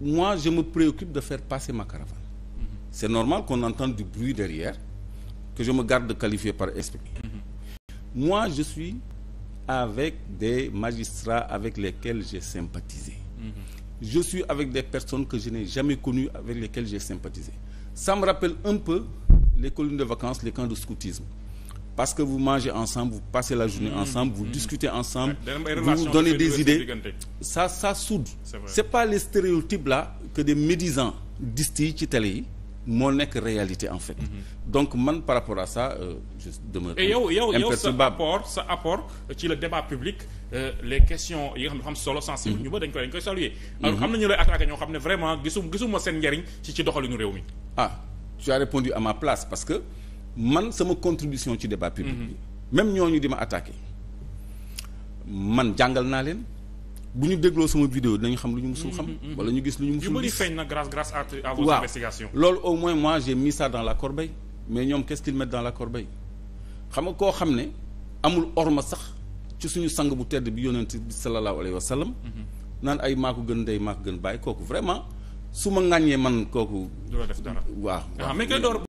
moi je me préoccupe de faire passer ma caravane. Mm -hmm. c'est normal qu'on entende du bruit derrière que je me garde de qualifier par esprit. Mm -hmm. moi je suis avec des magistrats avec lesquels j'ai sympathisé. Mm je suis avec des personnes que je n'ai jamais connues avec lesquelles j'ai sympathisé. ça me rappelle un peu les colonies de vacances les camps de scoutisme. parce que vous mangez ensemble vous passez la journée mm-hmm. ensemble vous mm-hmm. discutez ensemble vous vous donnez des idées ça ça soude c'est pas les stéréotypes là que des médisants distillent ci télé yi moo nekk réalité en fait mm-hmm. donc man par rapport à ça euh, je demeure yow yow yow sa apport sa le débat public euh, les questions yi nga xam am solo sensible ñu ba dañ koy dañ koy saluer alors am na ñu lay attaqué ñoo xam ne vraiment gisum gisuma seen njariñ ci ci doxalinu réew mi ah tu as répondu à ma parce que man sama contribution ci débat public bi même ñooñu di ma attaqué man jàngal naa leen bu ñu dégloo sama vidéo dañu xam lu ñu musul xam mm-hmm. wala ñu gis lu ñu musul gis yu feeñ na grâce grâce à loolu au moins moi j'ai mis ça dans la corbeille mais ñoom qu'est-ce dans la corbeille xam nga koo xam ne amul orma sax ci suñu sang bu tedd bi yonent bi sallallahu alayhi wa sallam mm-hmm. naan ay maako gën ndey maako gën bàyyi kooku vraiment su ma ŋàññee man kooku waaw ah,